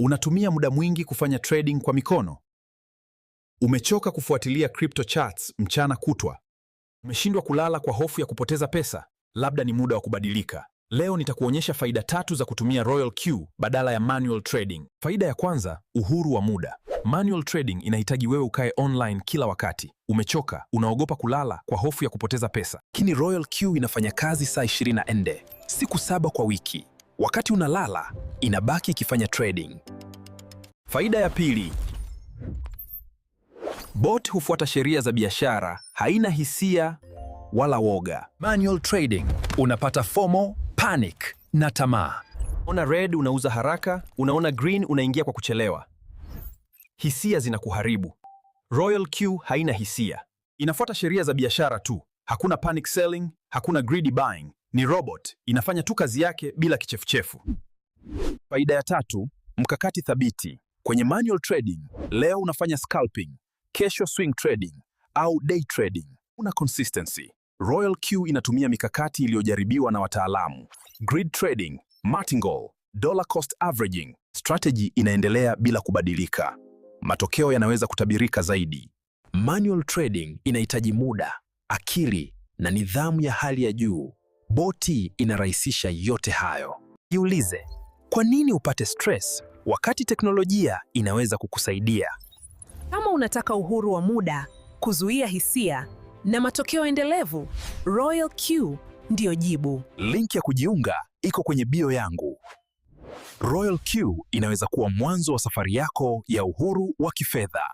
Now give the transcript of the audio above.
Unatumia muda mwingi kufanya trading kwa mikono. Umechoka kufuatilia crypto charts mchana kutwa. Umeshindwa kulala kwa hofu ya kupoteza pesa. Labda ni muda wa kubadilika. Leo nitakuonyesha faida tatu za kutumia Royal Q badala ya manual trading. Faida ya kwanza, uhuru wa muda. Manual trading inahitaji wewe ukae online kila wakati. Umechoka, unaogopa kulala kwa hofu ya kupoteza pesa. Lakini Royal Q inafanya kazi saa 24, siku saba kwa wiki. Wakati unalala, inabaki ikifanya trading. Faida ya pili, bot hufuata sheria za biashara, haina hisia wala woga. Manual trading unapata FOMO, panic na tamaa. Ona red unauza haraka, unaona green unaingia kwa kuchelewa. Hisia zinakuharibu. Royal Q haina hisia, inafuata sheria za biashara tu. Hakuna panic selling, hakuna greedy buying. Ni robot inafanya tu kazi yake bila kichefuchefu. Faida ya tatu, mkakati thabiti. Kwenye manual trading, leo unafanya scalping, kesho swing trading au day trading. Una consistency. Royal Q inatumia mikakati iliyojaribiwa na wataalamu. Grid trading, martingale, dollar cost averaging. Strategy inaendelea bila kubadilika. Matokeo yanaweza kutabirika zaidi. Manual trading inahitaji muda, akili na nidhamu ya hali ya juu. Boti inarahisisha yote hayo. Jiulize, kwa nini upate stress wakati teknolojia inaweza kukusaidia? Kama unataka uhuru wa muda, kuzuia hisia na matokeo endelevu, Royal Q ndiyo jibu. Link ya kujiunga iko kwenye bio yangu. Royal Q inaweza kuwa mwanzo wa safari yako ya uhuru wa kifedha.